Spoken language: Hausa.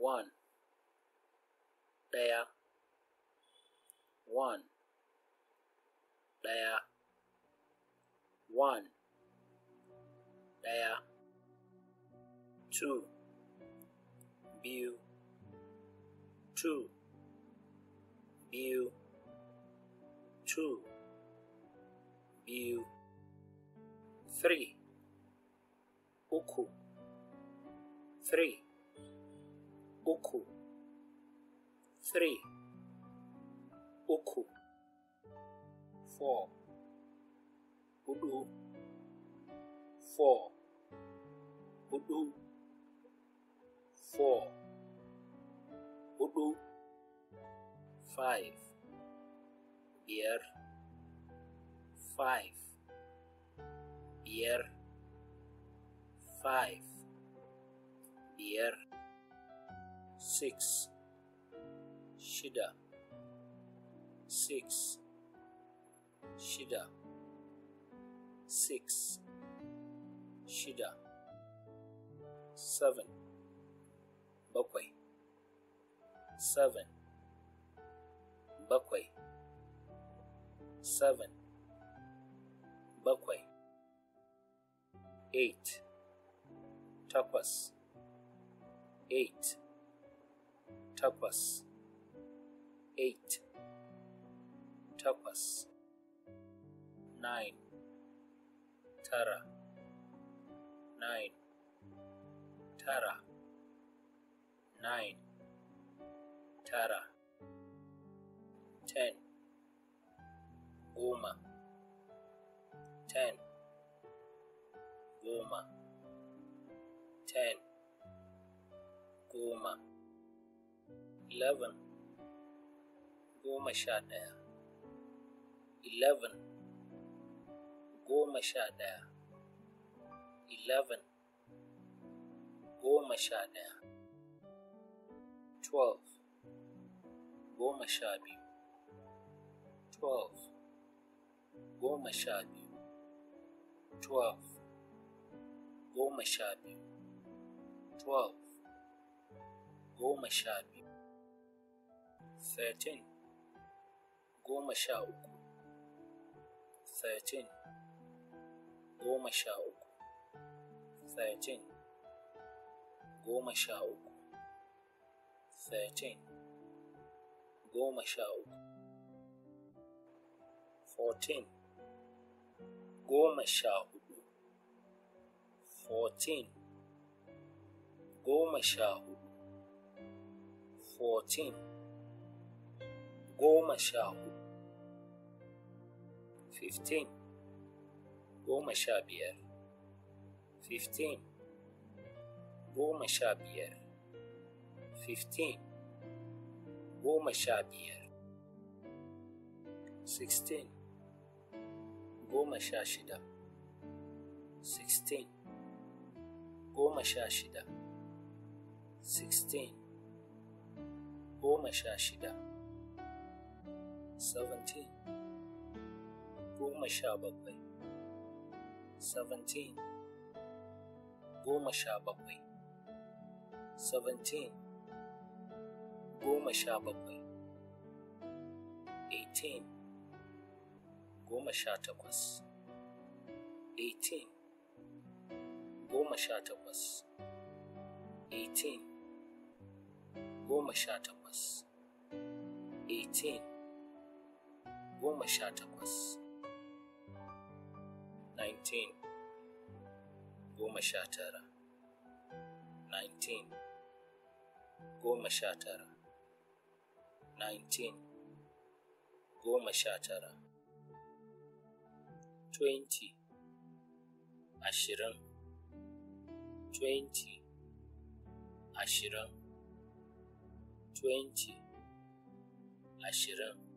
one there one there one there two view two view two view three uku three Oku. 3. Oku. 4. Udu. 4. Udu. 4. Udu. 5. Beer. 5. Beer. 5. Beer. Six. shida six shida six shida seven bakwai seven bakwai seven bakwai eight takwas eight takwas eight takwas nine tara nine tara nine tara ten Uma. ten Uma. ten Uma. 11 goma sha ɗaya 11 goma sha ɗaya 11 goma sha ɗaya 12 goma sha biyu 12 goma sha biyu 12 goma sha biyu goma sha biyu Thirteen, goma sha uku thirteen goma sha uku thirteen goma sha uku thirteen goma sha uku fourteen goma sha hudu Fourteen, goma sha hudu Fourteen. goma sha hudu Fifteen, goma sha biyar Fifteen, goma sha biyar Fifteen, goma sha biyar Sixteen, goma sha shida Sixteen, goma sha shida Sixteen, goma sha shida seventeen goma sha bakwai seventeen goma sha bakwai goma sha bakwai eighteen goma sha takwas eighteen goma sha takwas eighteen goma sha takwas eighteen goma sha takwas 19 goma sha tara 19 goma sha tara 19 goma sha tara 20 ashirin 20 ashirin 20 ashirin